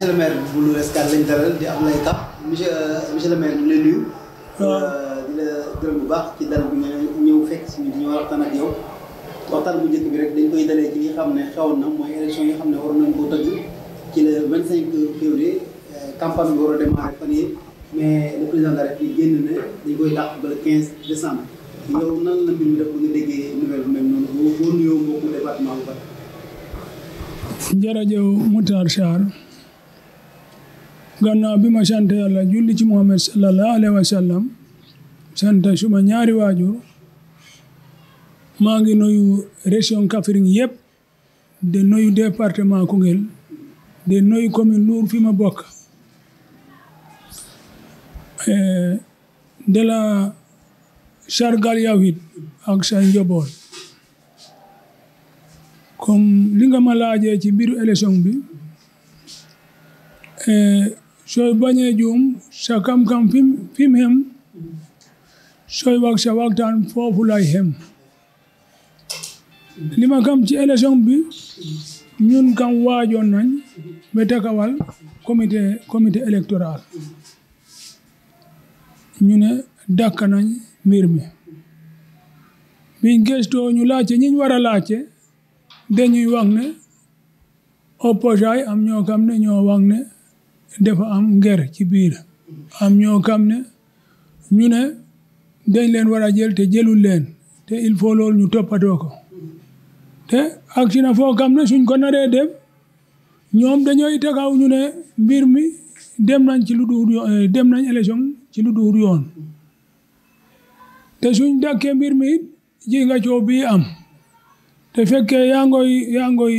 monsieur le maire bu Lour Escale lañ dalal di Abdoulaye Kap euh, monsieur le maire euh, bu baax ci dal ñëw fekk si ñu waxtaan yow waxtaan bu njëkk rek dañ koy dalee ci li xam ne xewoon na mooy élection yi ci le 25 février euh, campagne bi war a démarrer fan mais le président de la ba le 15 décembre. yow nan la mbir mi def ba nga déggee nouvelle bu mel noonu boo boo nuyoo mbokku département bu bari. gannaaw bi ma sant yàlla julli ci Muhammad sallallahu alayhi wa sallam sant suma ñaari waajur maa ngi nuyu région Kaffrine yëpp de nuyu département Koungheul de nuyu commune Lour fi ma bokk eh, de la sargal yow it ak sa njaboot comme li nga ma laajee ci mbiru élection bi eh, sooy bañee juum sa kam-kam fim fim hem sooy wax sa waxtaan foofu lay hem li ma kam ci élection bi ñun kam waajoon nañ ba takawal comité comité électoral ñu ne dàkk nañ mbir mi biñ gëstoo ñu laajte ñiñ war a laajte dañuy wax ne opposant am ñoo kam ne ñoo wax ne dafa am nger ci biir am ñoo xam ne ñu ne dañ leen war a jël te jëlul leen te il faut loolu ñu toppatoo ko te accident foo xam ne suñ ko naree dem ñoom dañooy taxaw ñu ne mbir mi dem nañ ci lu duur yoon eh, ci lu duur yoon te suñ dàkkee mbir mi ji nga coow am te fekkee yaa ngoy yaa ngoy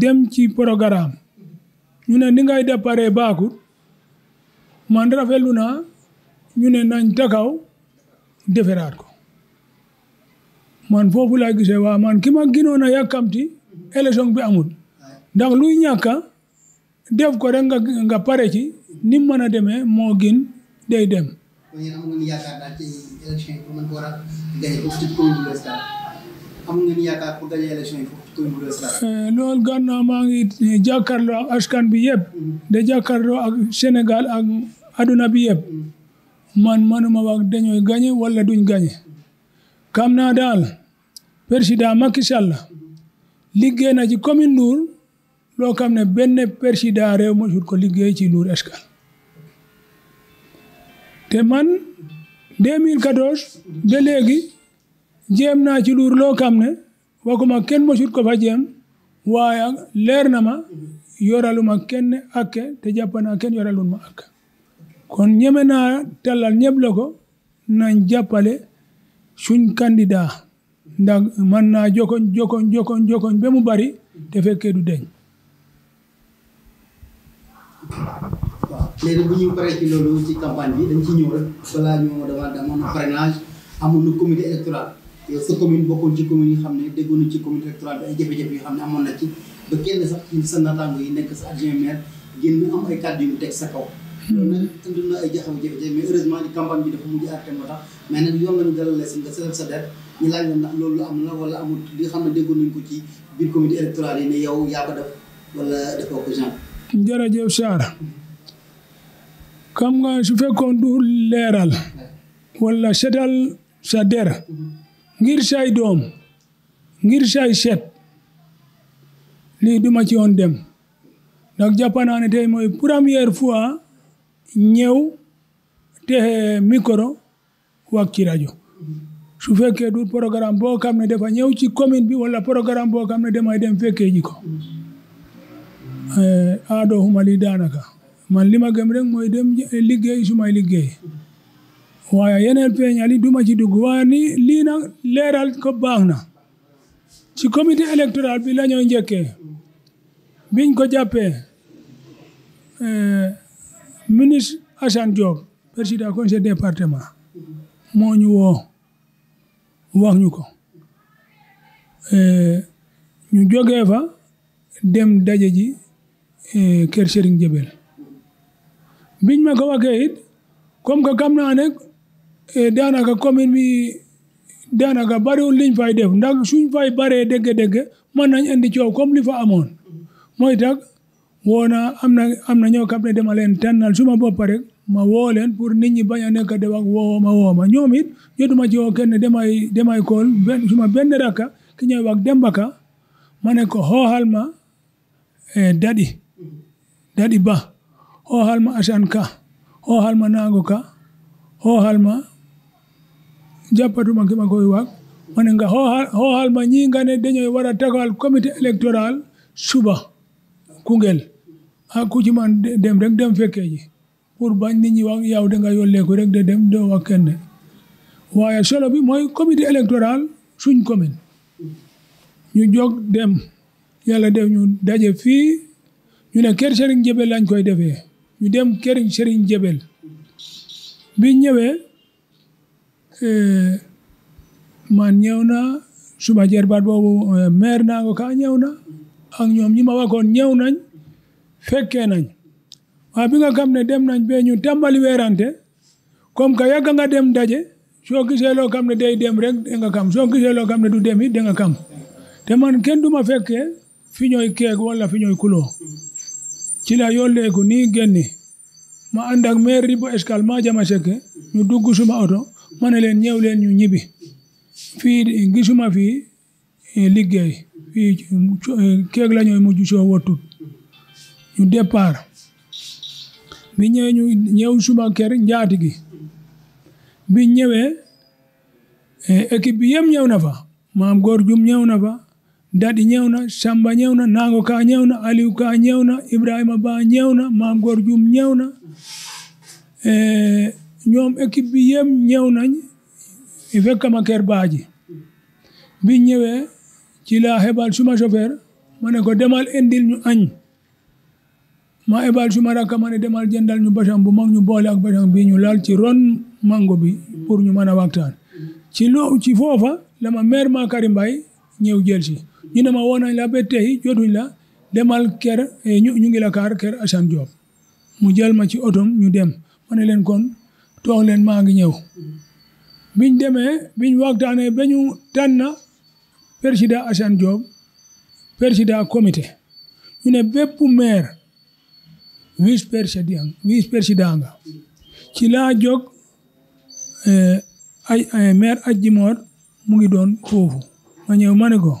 dem ci programme ñu ne ni ngay pare baaxul man rafetlu na ñu ne nañ takaw deferaat ko man foofu laa gise waa man ki ma gënoon a yàkkamti élection bi amul ndax luy ñàkka def ko rek nga pare ci ni mu mën a demee moo gin day dem. lool ngeen yaakaar eh, maa ngi eh, jàkkaarloo ak askan bi yëpp. Mm-hmm. de jàkkaarloo ak Sénégal ak aduna bi yëpp. Mm-hmm. man manuma wax dañuy gagner wala duñ gagner. xam naa daal président Macky Sall mm-hmm. liggéey na ci commune Ndour loo xam ne benn président réew mosul ko liggéey ci Ndour Escale te man 2014 ba jéem naa ci luur loo xam ne waxuma kenn mosut ko fa jéem waaye leer na ma yoraluma kenn akke te jàpp naa kenn yoraluma akke kon ñeme naa tallal ñëpp la ko nañ jàppale suñ candidat ndax man naa jokkoñ jokkoñ jokkoñ jokkoñ mu bari te fekkee du deñ sa commune bokkoon ci commune yi xam ne déggoon na ci commune électorale bi ay jafe-jafe yoo xam ne amoon na ci ba kenn sa naataango yi nekk sa adjoint maire génn am ay kàddu yu teg sa kaw. loolu nag indi na ay jafe-jafe mais heureusement ni sa der am na wala amul li xam ne déggoon ko ci biir yow yaa ko def wala defoo ko genre. jërëjëf xam nga su fekkoon du leeral wala seetal sa der. Mm-hmm. ngir say doom ngir say set lii duma ci woon dem donc jàpp naa ne tey mooy première fois ñëw te micro wax ci rajo su fekkee du programme boo xam ne dafa ñëw ci commune bi wala programme boo xam ne damay dem fekkee ji ko eh, aadoo xuma li daanaka man li ma gëm rek mooy dem liggéey su may liggéey waaye yeneen peñali duma ci dugg waaye ni lii nag leeral ko baax na ci comité électoral bi la njekke biñ ko jàppee eh, ministre Assane Diop président conseil département moo ñu woo wax ñu ko eh, ñu jógee fa dem daje ji eh, kër Serigne Jebel biñ ma ko waxee it comme que kam naa ne Eh, daanaka commune bi daanaka bariwul liñ fay def ndax suñ fay baree dégg-dégg mën nañ indi coow comme li fa amoon mooy tax woo na am na am na xam ne dama leen tànnal suma bopp rek ma woo leen pour nit ñi bañ a nekk de wax woo ma woo ma ñoom it jotuma ci woo kenn demay demay kool benn suma benn rakka ki ñooy wax Demba ma ne ko xooxal ma eh, dadi dadi ba xooxal ma Assane Ka xooxal ma Naago Ka ma jappatuma kima koye wak wonenga hohal ma ñingane dañoy waɗa tagal comité électoral suba Koungheul ah ku ci man dem rek dem fekkee ji pour bañ ni ñi wax yow da nga yolleeku rek de dem doo wax kenn waaye solo bi mooy comité électoral suñ commune ñu jóg dem yàlla def ñu daje fii ñu ne kër Serigne Jebel lañ koy defee ñu dem kër Serigne Jebel bi ñëwee Hmm. man ñëw na suma jarbaat boobu eh, maire naango ka ñëw na ak ñoom ñi ma waxoon ñëw nañ fekkee nañ waaye bi nga xam ne dem nañ be ñu tàmbali weerante comme que yàgg nga dem daje soo gisee loo xam ne day dem rek danga kam soo gisee loo ne du dem it danga kam te man kenn ma fekkee fi ñooy keeg wala fi ñooy kuloo ci la yolleeku nii génni ma ànd ak maire ribo escale jama sekke ñu dugg suma oto ma ne leen ñëw leen ñu ñibi fii gisuma fi eh, liggéey fii eh, keeg ñooy mujj soo wattut ñu départ bi ñëwee ñu ñëw suma kër njaati gi bi ñëwee eh, équipe bi yëpp ñëw na fa maam góor jum ñëw na fa dadi ñëw na samba ñëw na nango ka ñëw na aliou ka ñëw na ibrahima ba ñëw na maam góor jum ñëw na ñoom équipe bi yem ñëw nañ fekk ma kër baaji bi ñëwee ci laa xebal suma chauffeur ma ne ko demal indil ñu añ ma ebal suma rakk ma ne demal jëndal ñu basang bu mag ñu boole ak basang bi ñu laal ci ron mango bi pour ñu mën a waxtaan ci loo ci foofa la ma maire ma Karim Bay ñëw jël si ñu ne ma woo nañ la ba tey jotuñ la demal ker eh, ñu ngi la kaar kër Assane Diop mu jël ma ci otom ñu dem ma ne leen kon toog leen maa ngi ñëw biñ demee biñ waxtaanee ba ñu tànn président Assane Diop président comité ñu ne bépp maire vice président vice président nga ci laa jóg eh, ay maire Adji Mor mu ngi doon foofu ma ñëw ma ne ko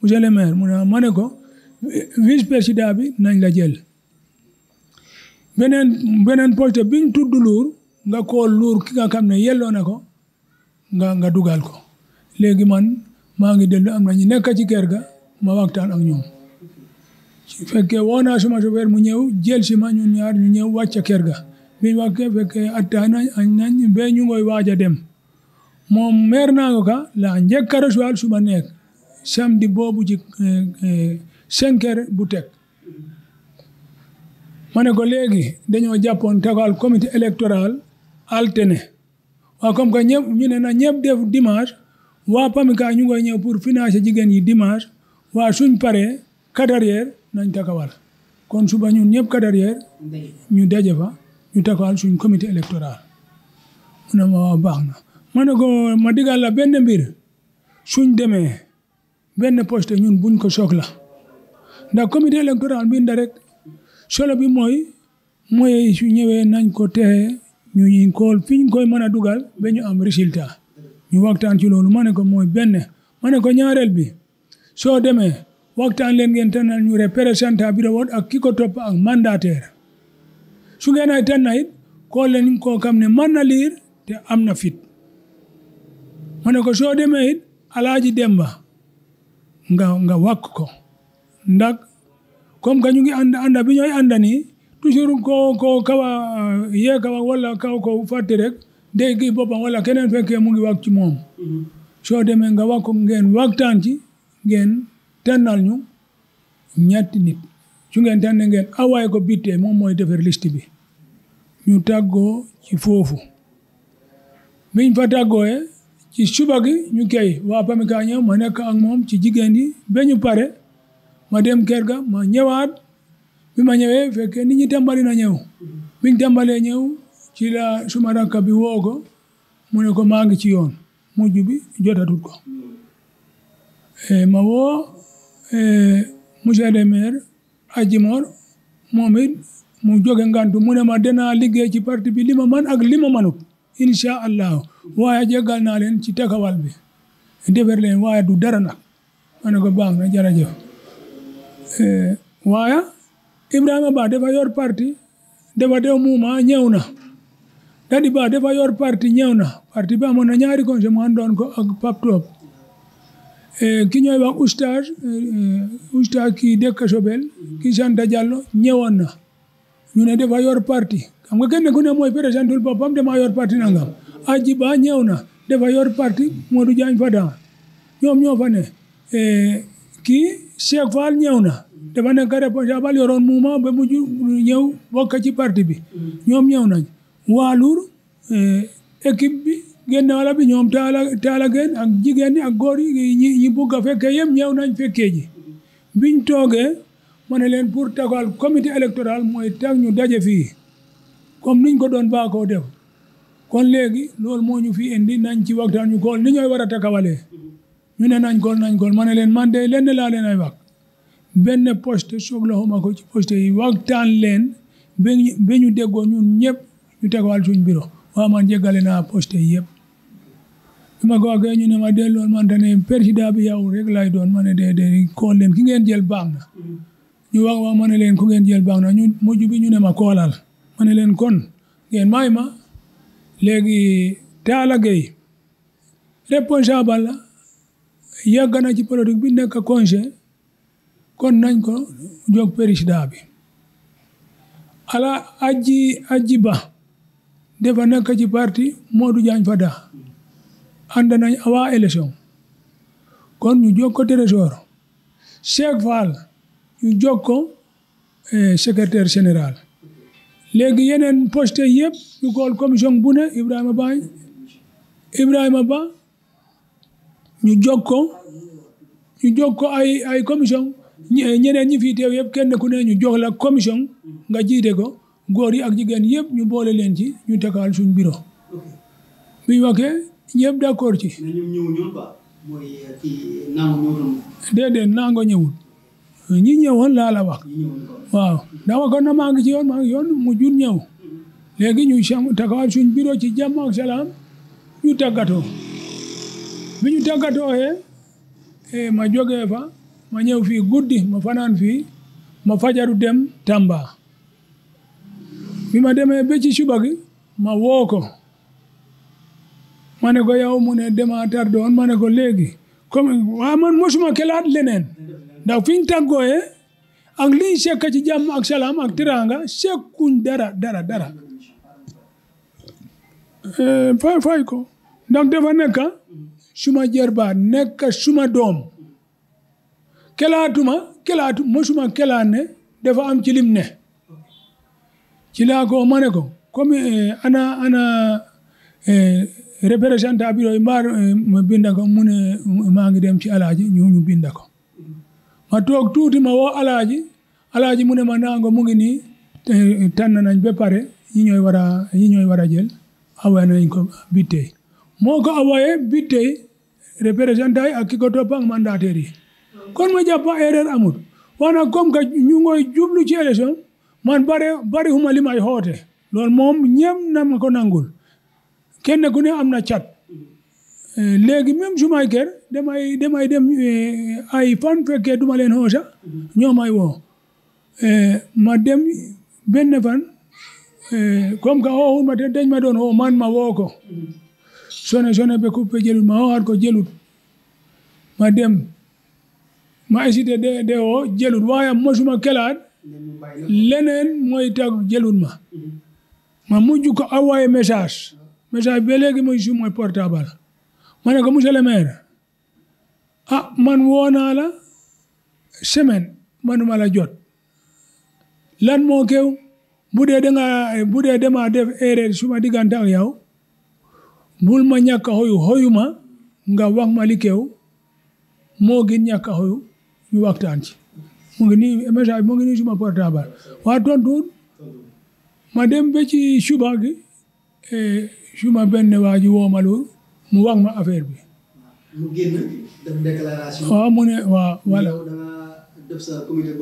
monsieur le maire mu ne ma ne ko vice président bi nañ la jël beneen beneen poste biñ tudd Lour nga kool luur ki nga xam ne yelloo na ko nga dugal ko léegi man maa ngi dellu am na ñu nekk ci kër ga ma waxtaan ak ñoom su fekkee woo naa suma mu ñëw jël si ma ñun ñaar ñu ñëw wàcc kër ga bi wàccee fekkee attaan nañ añ bee ñu ngoy waaj a dem moom meer naa ko ka la njëkk a recevoir suma nekk samedi boobu ci eh, eh, cinq heures bu teg ma ne ko léegi dañoo jàppoon tagal comité électoral altene waaw comme que ñëpp ñu ne na ñëpp def dimanche waa PAMECAS ñu ngi ñëw pour financer jigéen yi dimanche waa suñ paree katariyeer nañ takawal kon suba ñun ñëpp katariyeer ñu daje fa ñu takawal suñ comité électoral mu ne waa baax na ma ne ko ma digal la benn mbir suñ demee benn poste ñun buñ ko soxla ndax comité électoral bi rek solo bi mooy mooy su ñëwee nañ ko texe ñu ñu xool fi koy mën a dugal ba ñu am résultat ñu waxtaan ci loolu ma ne ko mooy benn ma ne ko ñaareel bi soo demee waxtaan leen ngeen tànnal ñu représentant bi doon ak ki ko topp ak mandataire su ngeen ay tànna leen koo xam ne man na liir te am na fit ma ne ko soo demee it alaaji demba nga nga wàkk ko ndax kom que ñu ngi ànd ànd bi ñooy ànd nii toujours ko ko kaba yee kaba wala kaw ko fàtte rek day kii boppam wala keneen fekkee mu ngi wax ci moom mm-hmm. soo demee nga wax ngeen waxtaan ci ngeen tànnal ñu ñetti nit cu ngeen tànnee ngeen awaay ko bittee moom mooy defar liste bi ñu tàggoo ci foofu biñ fa tàggooyee ci suba gi ñu kay waa PAMECAN ma nekk ak moom ci jigéen yi ñu pare ma dem kër ga ma ñëwaat bi ma ñëwee fekkee nit ñi tàmbali na ñëw biñ tàmbalee ñëw ci la suma bi woo mu ne ko maa ngi ci yoon mujj bi jotatut ko eh, ma woo eh, monsieur le maire Adji Mor moom mu jóge ngantu mu ne ma danaa liggéey ci parti bi li ma man ak lima ma manut incha allahu waaye jéggal naa leen ci takawal bi defar leen waaye du dara nag ma ne ko baax na jërëjëf eh, waaye Ibrahima Ba dafa yor parti dafa def mouvement ñëw na Dadi Ba dafa yor parti ñëw na parti bi amoon na ñaari conseil mu ko ak Pape Top e, ki ñooy wax oustaz e, e, oustaz ki dëkk Sobel ki Santa Diallo ñëwoon na ñu ne dafa yor parti xam nga kenn ku ne mooy présentul boppam dama yor parti nanga Aji Ba ñëw na dafa yor parti Modou Diagne Fada ñoom ñoo fa Cheikh Fall ñew na dafa nekk responsable yoroon mouvement ba mujj ñëw bokk ci parti bi ñoom ñëw nañ waaluur eh, équipe bi génn wala bi ñoom taala taala génn ak jigéen ñi ak góor yi ñi ñi a fekkee yem ñëw nañ fekkee ji biñ toogee ma ne leen pour tagal comité électoral mooy tag ñu daje fii comme niñ ko doon baakoo def kon léegi loolu moo ñu fi indi nañ ci waxtaan ñu kool ni ñooy war a takawalee ñu ne nañ gol nañ gol ma ne leen man de lenn laa leen ay wax benn poste soxla xuma ko ci poste yi waxtaan leen ba ñu déggoo ñu ñëpp ñu tegwal suñ bureau waaw man jéggale naa poste yëpp bi ma ko waxee ñu ma delloon man te bi yow rek lay doon ma ne déedéet kool leen ki ngeen jël baax na ñu wax ma ne leen ku ngeen jël baax na ñu mujj bi ñu ne ma koolal ma ne leen kon ngeen may ma léegi Talla Gueye responsable yàgg na ci politique bi nekk congé kon nañ ko jog président bi ala aji aji ba dafa nekk ci du Modou Diagne Fada ànd nañ avant élection kon ñu jóg ko trésor Cheikh Fall ñu jog ko eh, secrétaire général léegi yeneen poste yëpp ñu kool commission bu ne Ibrahima Ba Ibrahima Ba ñu jog ko ñu jog ko ay ay commission ñeneen ñi fii teew yëpp kenn ku ne ñu jox la commission nga jiite ko góor yi ak jigéen yëpp ñu boole leen ci ñu tekaal suñ bureau bi ñu waxee ñëpp d'accord ci. Euh, déedéet nango ñëwul ñi ñëwoon laa la wax waaw dama kon na maa ngi ci yoon maa ngi yoon mu jun ñëw mm-hmm. léegi ñu tekaal suñ biro ci jàmm ak salaam ñu tàggatoo bi ñu tàggatooxee ma jógee fa ma ñëw fii guddi ma fanaan fii ma fajaru dem Tamba bi ma demee ba ci suba gi ma woo ko ma ne ko yow mu ne dema ma ne ko léegi comme waa man kelaat leneen ndax fi ñu tàggooyee ak liñ sekk ci jàmm ak salaam ak teraanga sekkuñ dara dara dara eh, fay fay ko ndax suma jerba nekk suma doom kelaatuma kelaatu mosuma kelaat ne dafa am ci lim ne ci laa ko ma comme eh, ana ana eh, représentant bi eh, ma binda ko mu ne maa ngi dem ci alaaji ñu ñu binda ko ma toog tuuti ma woo alaaji alaaji mu ne ma naango mu ngi nii tànn nañ ba pare ñi ñooy war a ñi ñooy war a jël awa nañ ko bittee Mwaka awaye bitte representai akikoto pang mandateri. Kon ma japa error amut. Wana kom ka nyungo jublu ci election man bare bare huma limay hote. Lol mom ñem na ma ko nangul. Kenn ku ne am na cat. léegi même su may kër damay dem eh, ay fan fekkee duma leen xoosa ñoo may woo eh, ma dem benn fan eh, comme que xooxul ma te ma doon xoo man ma woo ko sone sone be kuppe jëlut ma waxaat ko jëlut ma dem ma hésité de de o jëlut waaye mosuma kelaat leneen mooy tag jëlut ma ma mujj ko envoyé message message ba léegi mooy su mooy ma ne ko monsieur le maire ah man woo naa la semaine manuma la jot lan moo kew bu dee danga bu dee dama def erreur suma diggante ak yow bul ma ñàkk a xoyu nga wax ma li keew moo gën ñàkk a xoyu ñu waxtaan ci mu ngi nii message mu ngi ci suba gi e, suma benn waa ji woo mu wax ma affaire bi. mu génn def def sa comité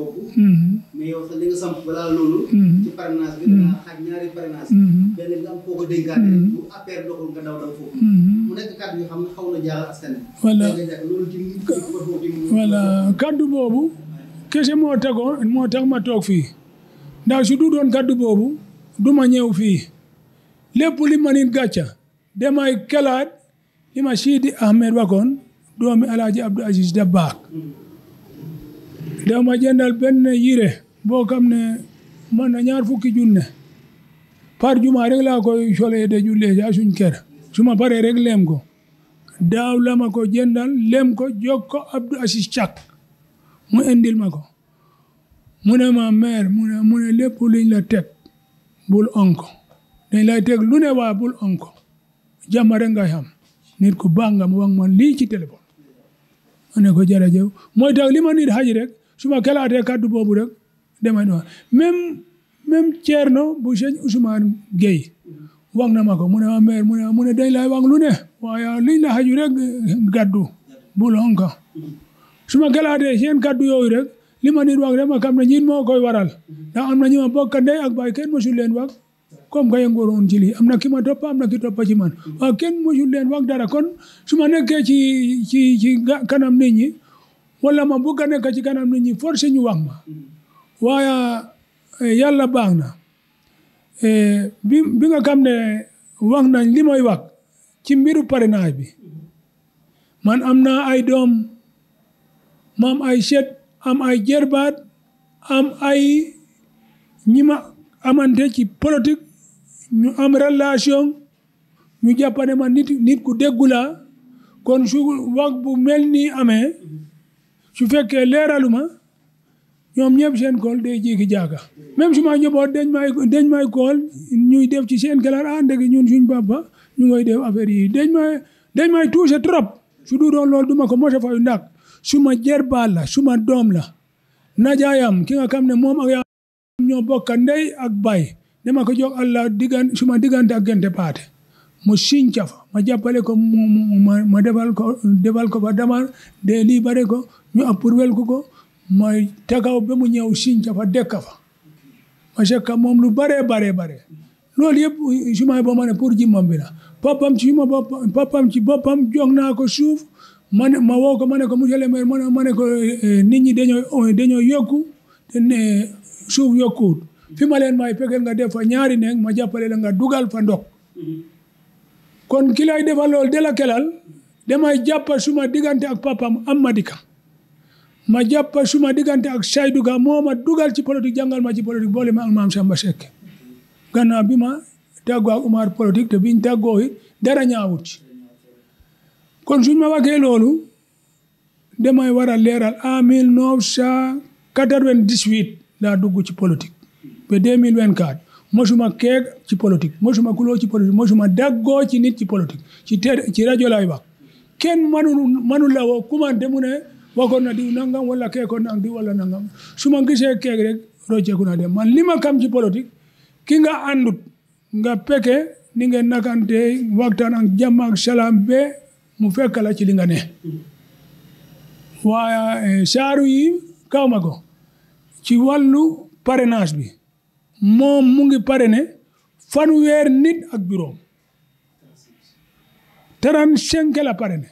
boobu. kese moo tegoon moo tax ma toog fii ndax su du doon kàddu boobu du ma ñëw fii lépp li ma nit gàcca damay kalaat li ma Sidi Ahmed waxoon doomi Alaaji Abdou Aziz Dabakh mm-hmm. dama jëndal benn yire boo xam ne man na ñaar fukki junne par juma rek laa ko solee de jullee ca suñ kër su ma paree rek leem daaw la ma ko jëndal leem ko jox ko Abdou Aziz mu indil ma ko mu ne ma mère mu ne mu ne la teg bul onko dañ lay teg lu ne waa bul onko jàmm rek ngay xam nit ku baax mu wax man lii ci téléphone ko jërëjëf mooy tax li ma nit xaj su ma xalaatee kàddu boobu rek demee noonu même même Thierno bu sëñ Ousmane Gueye wax na ma ko mu ne ma maire mu ne mu ne dañ lay wax lu ne waaye liñ la xaju rek gàddu bu lonka su ma xalaatee seen kàddu yooyu rek li ma nit wax rek ma xam na ñin moo koy waral ndax am na ñu ma bokk ndey ak baay kenn mosul leen wak comme kay ngoroon ci lii am na ki ma topp am na ki ci man waaw kenn mosul leen wak dara kon su ma nekkee ci ci ci kanam nit wala ma bëgg a nekk ci kanam nit ñi forcé ñu wax ma waaye eh, yàlla baax na eh, bi bi nga xam ne wax na li may wax ci mbiru parrainage bi man am naa ay doom ma ay set am ay jerbaat am ay ñi ma amante ci politique ñu am relation ñu jàpp ma nit nit ku déggu la kon su wax bu mel nii amee su fekkee leeraluma ñoom ñëpp seen kool day jéegi jaaka même su ma njaboot dañ may dañ may kool ñuy def ci seen galaar ànd ah, ak ñun suñ papa ñu ngoy def affaire yi dañ may dañ may touché trop su du doon loolu du ma ko mos a fayu ndax su ma jerbaal la su ma doom la najaayam ki nga xam ne moom ak yaa ñoo bokka ndey ak bay dama ko jox Allah diggan su ma diggante ak gente paate ma sinca fa ma jàppale ko ma defal ko defal ko fa dama de libéré ko ñu wel ko ko ma tagaw ba mu ñëw sinca fa dëkk fa ma sekka moom lu bare bare bare loolu yëpp sumay ba ma ne pour jimmam bi la papam ci ma papam ci boppam jox naa ko suuf ma ne ma woo ko ma ne ko monsieur le maire ma ne ko eh, nit ñi dañoo dañoo yokku te ne suuf fi ma leen may fekkeel nga def fa ñaari nekk ma jàppale la nga dugal fa ndox mm-hmm. kon ki lay defal loolu de la kelal damay jàppa suma diggante ak papam Amady Ka ma jàppa suma diggante ak Seydou moo ma dugal ci politique jàngal ma ci politique boole ma ak maam Samba Seck gannaaw bi ma tàggoo ak Umar politique te biñ tàggoo dara ñaawut kon suñ ma waxee loolu damay war a leeral en 1998 laa dugg ci politique ba 2024 mosuma keeg ci politique mosuma kuloo ci politique mosuma daggoo ci nit ci politique ci ci rajo laay wax kenn manu manu woo kumante mu ne waxoon na diw nangam wala keekoon na diw wala nangam su ma gisee keeg rek rocceeku naa dem man li ma kam ci politique ki nga àndut nga peke ni ngeen nakante waxtaan ak jàmm ak salaam be mu fekk ci linga ne waaye eh, saaru yi kaw ma ko ci wàllu parrainage bi moom mu ngi parrainé weer nit ak juróom trente-cinq pare parrainé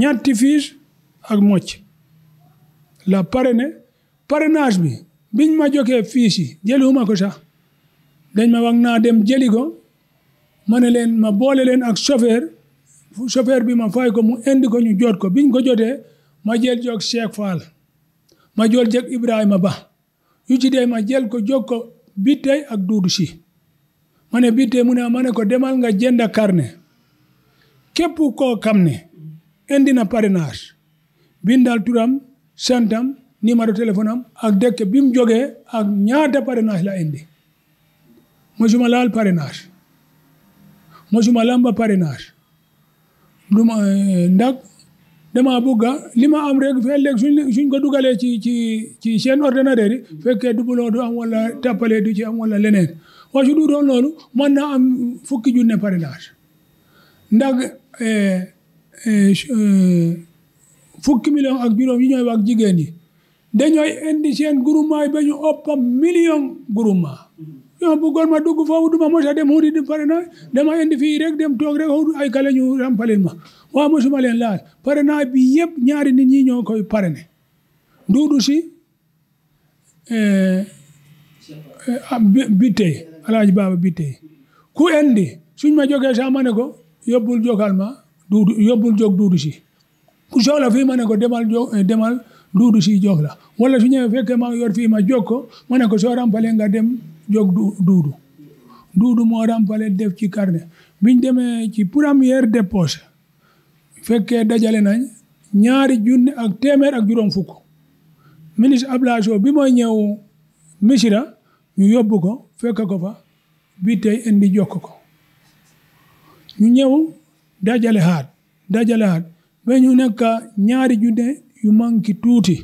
ñetti fiche ak mocc la parrainé parrainage bi biñ ma jokkee fiche yi jëliwuma ko sax dañ ma wax naa dem jëli ko ma ne leen ma boole leen ak chauffeur chauffeur bi ma fay ko mu indi ko ñu jot ko biñ ko jotee ma jël jog Cheikh Fall ma jël jek Ibrahima Ba yu ci dee ma jël ko jóg ko ak duudu si ma ne bittey mu ne ma ko demal nga jënd karne képp koo xam ne indi na parrainage bindal turam santam numéro téléphone am ak dëkk bi mu jógee ak ñaata parrainage la indi mosuma laal parrainage mosuma lamba parrainage duma eh, ndak dama bëgg li ma am rek fii ëllëg suñ ko dugalee ci ci ci seen ordinateur yi fekkee dubuloo du am wala tappalee du ci am wala leneen waaye su du doon loolu mën na am fukki junne parrainage ndax eh, eh, eh, fukki million ak juróom yi ñooy wax jigéen ñi dañooy indi seen groupement yi ba ñu million groupement yoo bëggoon ma dugg foofu duma mos dem wuti di pare naa dama indi fii rek dem toog rek ay kale ñu rampalil ma waaw mosuma leen laal pare naa bi yëpp ñaari nit ñi ñoo koy pare ne duudu si eh, eh, ah, bittee alaaji baaba bittee ku indi suñ ma jógee sax ma ne ko yóbbul jogal ma duudu yóbbul jog duudu si ku soxla fii ma ne ko demal jog eh, demal duudu si jox la wala su ñëwee fekkee ma yor fii ma jok ko ma ne ko soo rampalee nga dem jóg duudu duudu moo rampale def ci carnet biñ demee ci première dépose fekkee dajale nañ ñaari junne ak téeméer ak juróom fukk ministre Abdoulaye Sow bi mooy ñëw Missira ñu yóbbu ko fekk ko fa bi tey indi jokk ko ñu ñëw dajale haat dajale haat ba ñu nekk ñaari junne yu manki tuuti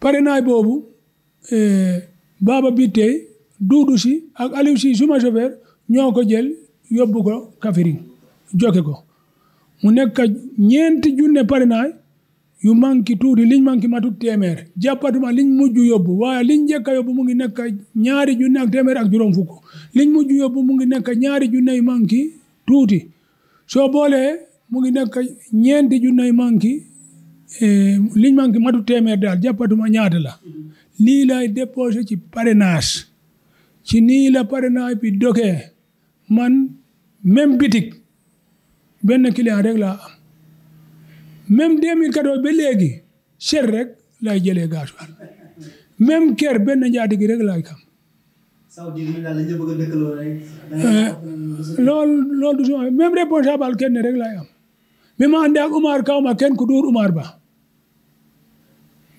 parrainage boobu eh, baaba bi tey Doudou ak Aliou Sy suma chauffeur ñoo ko jël yóbbu ko Kaffrine jokke ko mu nekka ñeenti junne parrainage yu manqué tuuti liñ manqué matu téeméer jàppatuma liñ mujj yóbbu waaye liñ njëkk a yóbbu mu ngi nekk ñaari junne ak ak juróom liñ mujj yóbbu mu ngi nekk ñaari junne yu manqué tuuti soo boolee mu ngi nekk ñeenti junne yu manqué eh, liñ manqué matut téeméer daal jàppatuma ñaata la lii laay déposé ci parrainage ci nii la parrainage bi dokee man même bitik benn client rek laa am même 2014 ba léegi cher rek lay jëlee gasoil même kër benn njaatigi rek laay kam euh, loolu loolu du suma même responsable kenn rek laay am bi ma àndee ak Kaw ma kenn ku dóor Umar Ba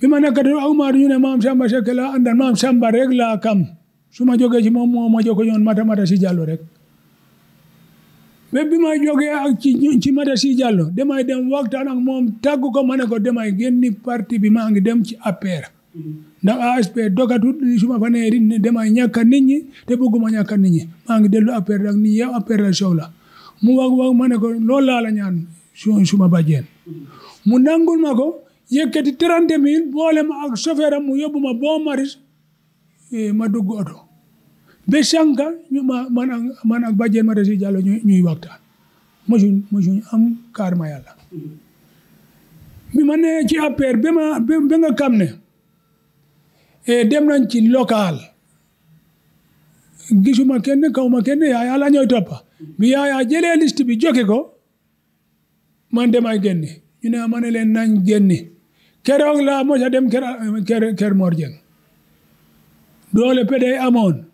bi ma nekk di Umar ñu ne maam Samba Seck laa àndal maam Samba rek laa kam su ma jógee ci moom moo ma jógee ñoon mata mata si jàllo rek mais bi ma jógee ak ci ci mata si jàllo damay dem waxtaan ak moom tàggu ko ma ne ko damay génni parti bi maa ngi dem ci APR ndax ASP dogatut su ma fa nee ne damay ñàkk nit ñi te bëgguma ñàkk nit ñi maa ngi dellu APR ak nit ñi APR la mu wax wax ma ne ko loolu laala la ñaan su ma mu nangul ma ko yëkkati trente mille boole ma ak chauffeur mu yóbbu ma bon maris e, ma dugg oto ba sànka ñu ma man ak man ak bàjjen ma desi ñuy waxtaan mosuñ mosuñ am kaar ma yàlla bi ma nee ci APR ba ma nga xam ne e, dem nañ ci local gisuma kenn kawma kenn yaaya la ñooy toppa bi yaaya jëlee liste bi joxe ko man demay génni ñu ne ma ne leen nañ génni keroog la mos dem kër kër Mor Dieng doole PDS amoon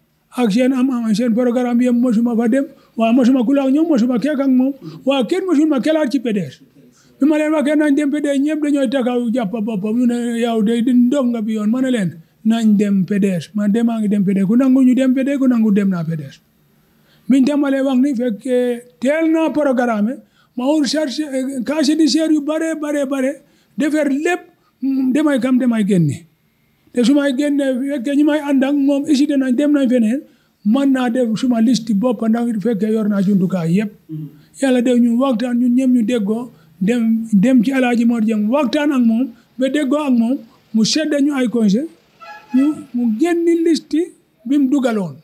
ak seen am am seen programme yëpp mosuma fa dem waa mosuma kula ak ñoom mosuma keek ak moom waa kenn mosuma kelaat ci PDS bi ma leen waxee nañ dem PDS ñëpp dañooy takaw jàpp boppam ñu ne yow de dog nga bi yoon ma ne leen nañ dem PDS man demaa ngi dem PDS ku nangu ñu dem PDS ku nangu dem naa PDS biñ tàmbalee wax ni fekk teel naa programme ma wut charge casier judiciaire yu bare bare bare defar lépp Hmm, demay gam demay génne te su may génne fekkee ñi may ànd ak moom hésité nañ dem nañ feneen man naa def suma liste bopp ndax fekkee yor naa jumtukaay yëpp yàlla def ñu waxtaan ñun ñëpp ñu déggoo dem dem ci alaaji Mor Jeng waxtaan ak moom ba déggoo ak moom mu sedda ñu ay conseil ñu mu génni liste bi mu dugaloon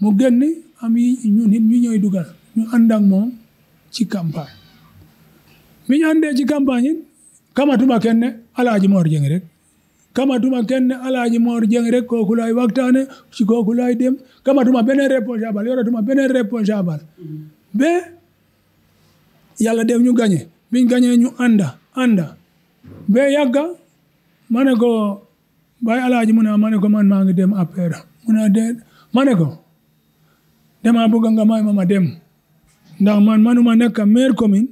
mu génni am yi ñu ñooy dugal ñu ànd ak moom ci campagne bi ñu àndee ci campagne kamatuma kenn alaaji Mor Dieng rek kamatuma kenn alaaji Mor Dieng rek kooku laay waxtaane ci kooku laay dem kamatuma beneen responsable yoratuma beneen responsable ba yàlla def ñu gañe biñ gañee ñu anda anda ba yàgga ma ne ko bay alaaji mu ne ma ne ko man maa ngi dem APR mu ne de ko dama bëgg nga may ma ma dem ndax man manuma nekk maire commune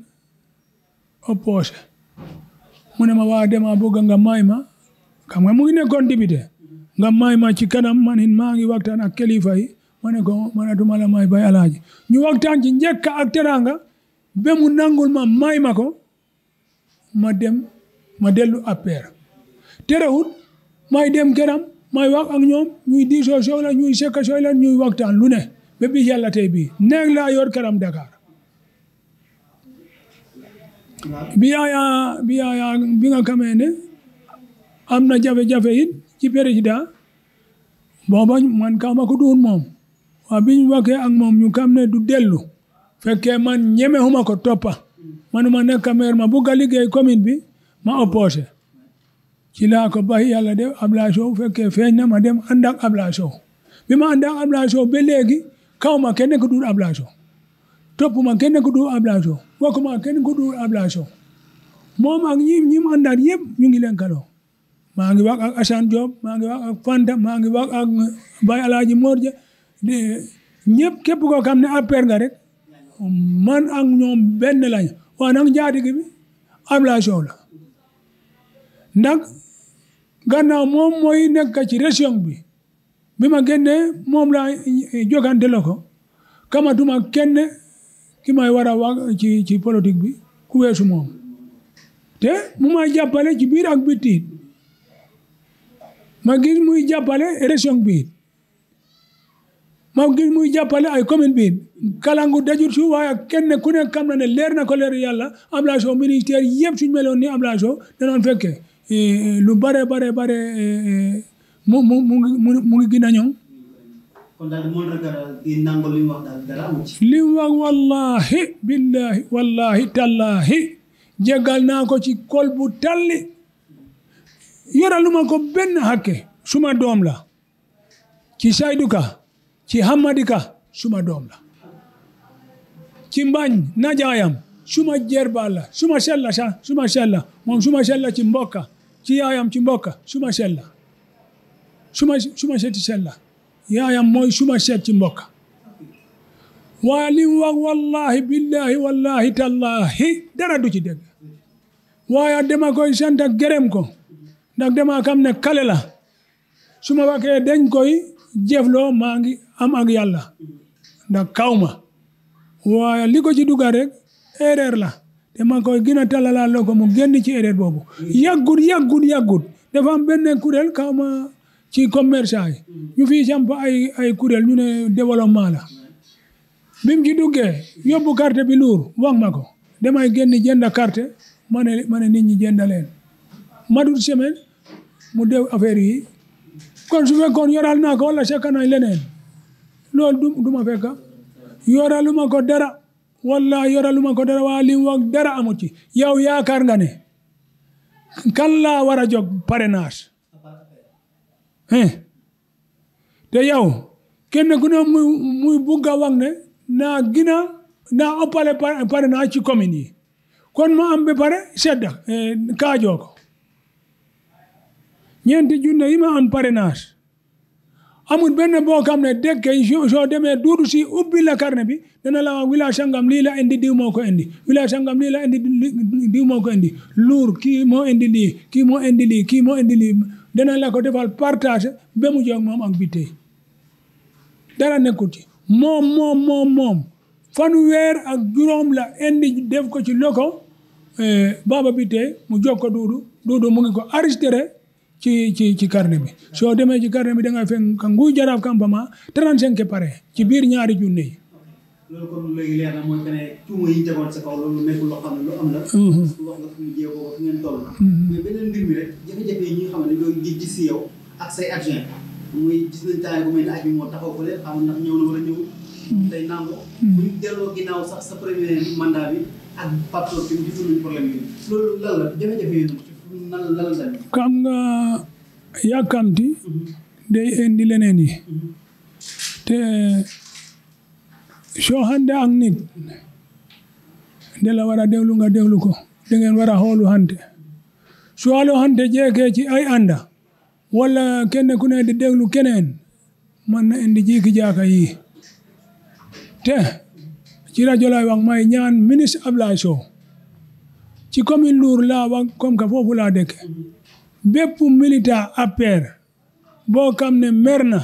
opposé mu ne ma waa dama bëgg nga may ma xam nga mu ngi nekkoon député nga may ma ci kanam man it maa ngi waxtaan ak kilifa yi ma ne ko ma ne duma may bay alaaji ñu waktaan ci njëkk ak teraanga ba mu nangul ma may ma ko ma dem ma dellu APR terewul may dem keram may wax ak ñoom ñuy diisoo soxla ñuy sekk soxla ñuy waxtaan lu ne ba bi yàlla tey bii neeg laa yor këram Dakar biyaaya biyaaya bi nga xamee ne am na jafe-jafe it ci président booba man kama ko duun moom waa bi ñu waxee ak moom ñu xam du dellu fekkee man ñemewuma ko toppa manuma nekk maire ma bu a liggéey commune bi ma opposé ci ko bàyyi yàlla de Ablaye Sow fekkee feeñ na ma dem ànd ak Ablaye Sow bi ma ànd ak Ablaye Sow léegi kaw ma kenn ku dul Ablaye toppuma kenn ku dul ablation waxuma kenn ku dul ablation moom ak ñi ñi mu àndaat ñu ngi leen maa ngi wax ak Assane Diop maa ngi wax ak Fanta maa ngi wax ak Baye Alaaji Mor Ja ñëpp képp koo xam ne rek man ak ñoom benn lañ waaye nag njaatige bi ablation la ndax gannaaw moom mooy nekk ci région bi bi ma génnee moom laa jokante la ko kamatuma kenn ki may war a wax ci ci politique bi ku weesu moom te mu may jàppale ci biir ak biti ma gis muy jàppale région bi ma gis muy jàppale ay commune bi kalangu dajur su waaye kenn ku ne xam na ne leer na ko leer yàlla Abdoulaye Sow ministère yëpp suñu meloon ni Abdoulaye Sow danoon fekke eh, lu bare bare bare eh, eh, mu mu mu ngi gën a ñoŋ kon daal di mën di nangu wallaahi billaahi wallaahi tallaahi jéggal naa ko ci kol bu talli yoraluma ko benn hakke suma doom la ci Saydu ka ci Hamadi ka suma doom la ci mbañ najaayam suma jerba la suma sella sa suma sella moom suma sella ci mbokka ci yaayam ci mbokka suma sella suma suma seti sella yaayam mooy suma seet ci mbokk waa wa mu wax wallahi billahi wallahi tallahi dara du ci dégg waaye dama koy sant ak ko ndax dama xam ne kale la su ma waxee dañ koy jëfloo maa ngi am ak yàlla ndax kawma ma waaye li ko ci dugal rek erreur la te koy gën a talalaa loo ko mu génn ci erreur boobu yàggut yàggut yàggut dafa am benn kuréel kaw ci commerçant yi ñu fi samp ay ay kuréel ñu ne développement la bi mu ci duggee yóbbu carte bi luur wax ma ko damay génn jënd carte ma ne ma nit ñi jënd leen madul semaine mu dew affaire yi kon su fekkoon yoral naa ko wala sekk nañ leneen loolu du fekka yoraluma ko dara wala yoraluma ko dara waa li mu wax dara amu ci yow yaakaar nga ne kan laa war a jóg parrainage te yow kenn ku ne muy muy bugg a wax ne naa gina naa ëppale pare naa ci commune yi kon ma am pare sedda eh, kaajoo ko ñeenti junne yi ma am parrainage amul benn boo xam ne dëkk yi soo demee duudu si ubbi la bi dana na wax village sangam lii la indi diw moo ko indi village sangam lii la indi diw moo ko indi luur kii moo indi lii kii moo indi lii kii lii dana la ko defal partage be mu jóg moom ak bitee dara nekkul ci moom moom moom moom fanweer ak juróom la indi def ko ci loko eh, baba bitee mu jóg ko duudu duudu mu ngi ko enregistré ci ci ci carnet bi soo demee ci carnet bi da nga fekk nguy jaraaf kampama 35 pare ci biir ñaari junne yi loolu kon léegi leer na mooy que ne tuuma loo xam ne lu am la. Mhm. wax nga fi mu jéego fi ngeen toll. Mhm. mais beneen mbir mi rek jafe bi moo taxaw fële xam ndax ñëw na wala ñëw. Mhm. tey nangu. bu ñu delloo ginnaaw sax sa premier bi ak partenaire bi gisul nañu problème yi yi yàkkamti. day indi leneen yi. te. soo hande ak nit nde la war a déglu nga déglu ko da ngeen war a xoolu hante su xoolu hante jeekee ci ay anda walla kenn ku ne di déglu keneen man na indi jiiki jaaka yi te ci rajo lay wax may ñaan ministre Ablaye Sow ci commune Lour laa wax comme que foofu laa dëkk bépp militant APR boo xam ne mer na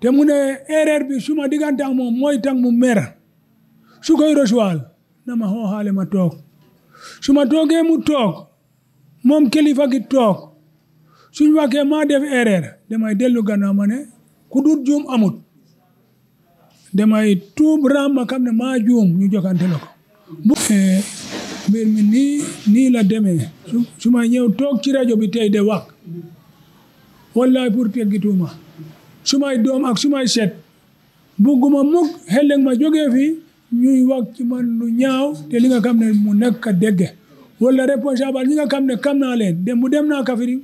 te mu ne erreur bi suma diggante ak moom mooy tang mu mer su koy recevoir na ma xooxaale ma toog su ma toogee mu toog moom kilifa gi toog suñ waxee maa def erreur damay dellu gannaaw ma ne ku dul juum amut damay tuub raam ma xam ne maa juum ñu jokkante la ko nii nii la demee su ma ñëw toog ci rajo bi tey de wax wallaay pour teggituuma sumay doom ak sumay set bugguma mukk xelleg ma jógee fi ñuy wax ci man ñaaw te li nga xam ne mu nekk dégg wala responsable ñi nga xam ne kam naa leen dem dem naa Kaffrine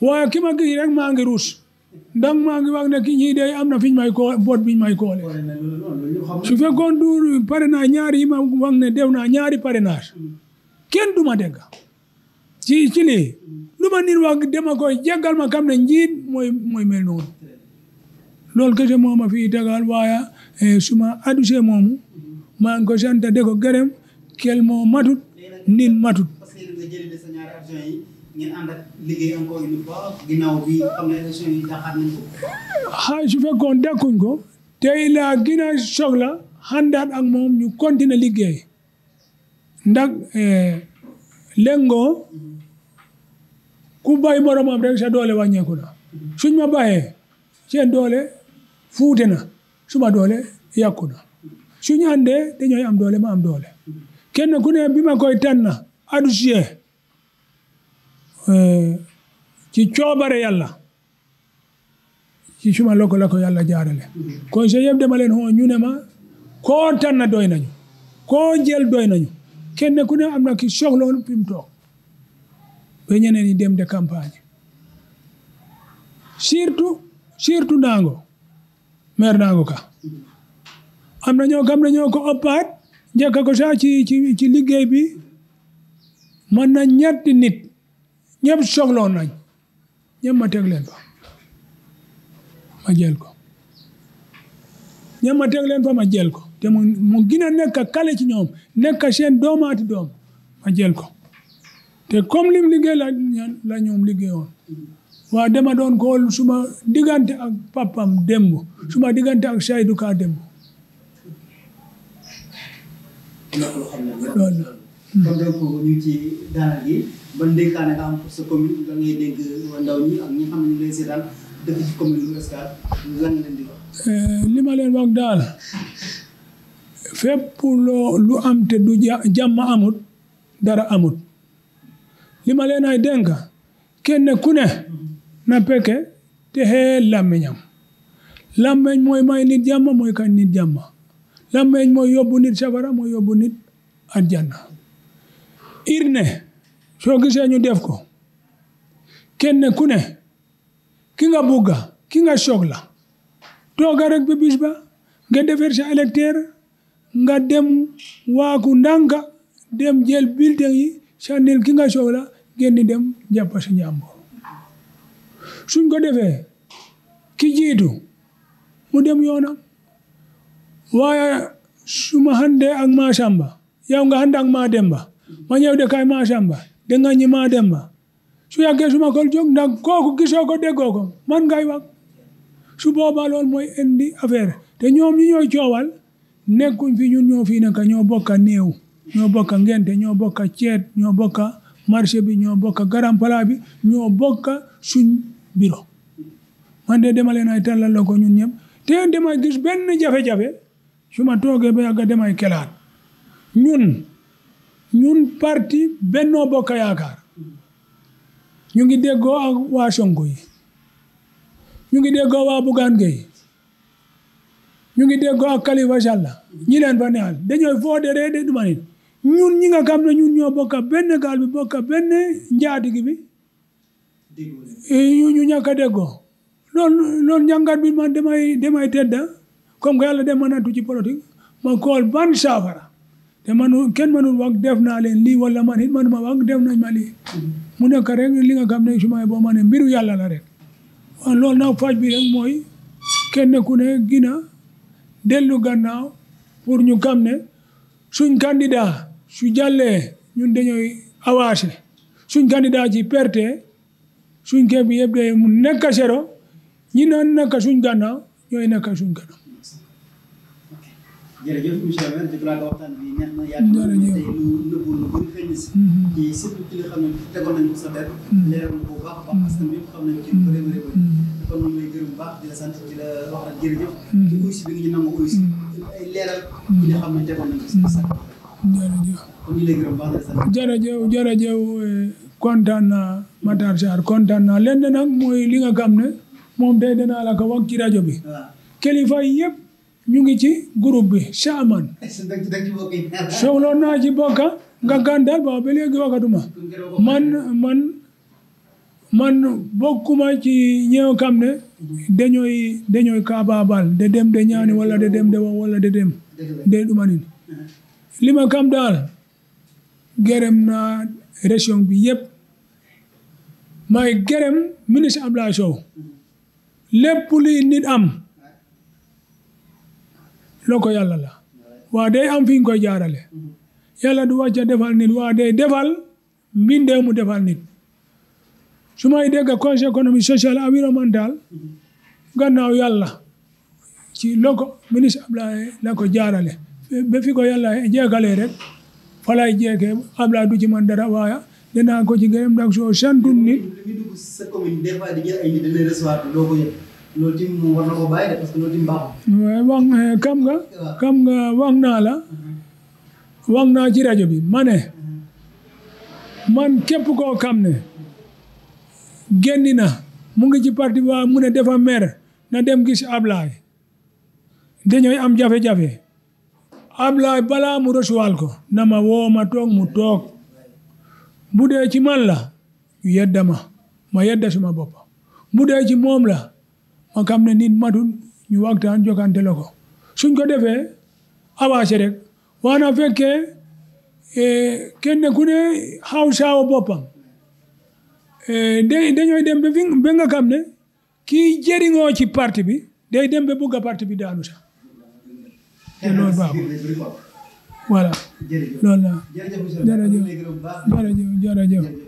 waaye ki ma gis rek maa ngi ruus ndax maa ngi wax ne ki ñii de am na fiñ ñu may ko boot bi ñu may koole su fekkoon du parrainage ñaari yi ma wax ne dew naa ñaari parrainage kenn du ma dégg ci ci lu ma nit wax dama koy jéggal ma xam ne njiit mooy mooy mel noonu loolu kese moo ma fi tegal waaye eh, suma aduse moomu maa ngi ko sant de ko gërëm kel moo matut nin matut xay su fekkoon dekkuñ ko tey laa gën a soxla ak moom ñu continuer liggéey ndax eh, ku bàyyi boromam rek sa doole wàññeeku na suñ ma bàyyee seen doole fuute na suma doole yàqu na suñu àndee dañooy am doole ma am doole kenn ku ne bi ma koy tànn adusiyee euh, ci coobare yàlla ci suma loko loko yàlla jaarale conseil yëpp dama leen xool ñu ne ma koo na doy nañu koo jël doy nañu kenn ku ne am na ki soxla woon to mu toog ñeneen ñi dem de campagne surtout surtout naango maire Nangu Ka am na ñoo xam ne ñoo ko ëppaat ko saa ci liggéey bi mën na ñetti nit ñëpp soxloon nañ ñëpp ma teg leen ma jël ko ñëpp ma teg leen ma jël ko te mu mu gën a nekk kale ci ñoom nekk seen doomaati doom ma jël ko te comme lim liggéey la la ñoom liggéeyoon waa dama doon xool suma diggante ak papam démb suma diggante ak Seydou Ka démb loolu la kon eh, daal fépp lu am te du jàmm amut dara amut li ma leen ay dénk kenn ku ne na pekke te xee làmmiñam làmmiñ mooy may nit jàmm mooy kañ nit jàmm làmmiñ mooy yóbbu nit safara mooy yóbbu nit aljanna irne soo gisee ñu def ko kenn ku ne ki nga bugga ki nga soxla tooga rek ba bis ba nga defar sa électeur nga dem waaku ndànka dem jël bulletin yi sànnil ki nga soxla génn dem jàpp sa njàmbur suñ ko defee ki jiitu mu dem yoonam waaye suma ma ak maa samba yow nga hand ak maa ma ñëw de kay maa samba de nga ñi su yàggee suma ma ko jóg ndax kooku gisoo ko déggoo ko man ngay wax su boobaa loolu mooy indi affaire te ñoom ñi ñooy coowal nekkuñ fi ñun ñoo fi nekk ñoo bokka néew ñoo bokka ngente ñoo bokka ceet ñoo bokka marché bi ñoo bokka garampalaa bi ñoo bokka suñ bureau man de dama leen ay tàllal ko ñun ñëpp te damay gis benn jafe-jafe su ma toogee ba yàgg damay ñun ñun parti Benno Bokk Yaakaar ñu ngi déggoo waa Sonko yi ñu ngi déggoo waa Bougane Gueye ñu ngi déggoo ak Khalifa Sall ñi leen fa neexal dañooy foode ree de duma ñun ñi nga xam ne ñun ñoo bokka benn gaal bi bokka benn njaatigi bi ñu ñàkk a déggoo loolu loolu njàngat bi ma damay damay tedda comme que yàlla dem ma natu ci politique ma kool ban saafara te manu kenn manul wax def naa leen lii wala man ma manuma wax def nañ ma lii mu nekk rek li nga xam ne sumay boo ma ne mbiru yàlla la rek waaw loolu nag faj bi rek mooy ku ne gina dellu gannaaw pour ñu xam suñ candidat su jàllee ñun dañooy avancé suñ candidat ci perte suñ kër bi yëpp mu nekk zéro ñi naan nekk suñ gànnaaw ñooy nekk suñ gànnaaw. jërëjëf na yaatu na tey lu nëbbu lu na mm-hmm. mm-hmm. bu baax a mm-hmm. la sant di la wax ak jërëjëf. di uysi bi nga kontaan naa Matar Sarr kontaan naa lenn nag mooy li nga xam ne moom day danaa la ko wax ci rajo bi. Ah. kilifa yëpp ñu ngi ci groupe bi Saaman. soxla naa ci bokka nga gàndal ba ba léegi waxatuma man man man bokkuma ci ñëw kam ne dañooy dañooy kaabaabal de dem de ñaani wala de dem de wax wala de dem de dumanin ah. li kam daal gërëm région bi yëpp may gërëm ministre Abdoulaye Sow lépp luy nit am loo ko yàlla la waa day am fi ñu koy jaarale yàlla du wàcca defal nit waa day defal mbindee mu defal nit su may dégg conseil économique social environnemental gannaaw yàlla ci loo ko ministre Abdoulaye la ko jaarale ba fi ko yàlla jeexalee rek falaay jeekee xam laa du ci man dara waaye dinaa ko ci gërëm ndax soo santul nit. wax nga kam nga wax naa la wax naa ci rajo bi ma man képp koo kam ne génn na mu ngi ci parti ba mu ne dafa mer na dem gis Ablaye dañooy am jafe-jafe Ablaay balaa mu recevoir ko na ma woo ma toog mu toog bu dee ci mal la yedda ma ma yedda suma bopp bu dee ci moom la ma xam ne nit matul ñu waxtaan jokkante la ko suñ ko defee avancé rek waana fekkee e, kenn ku ne xaw saawa boppam e, dañooy dem ba fi ba nga xam ne kii jëriñoo ci parti bi day dem ba bugg a parti bi daanu sax te loolu baaxul voilà loolu la jërëjëf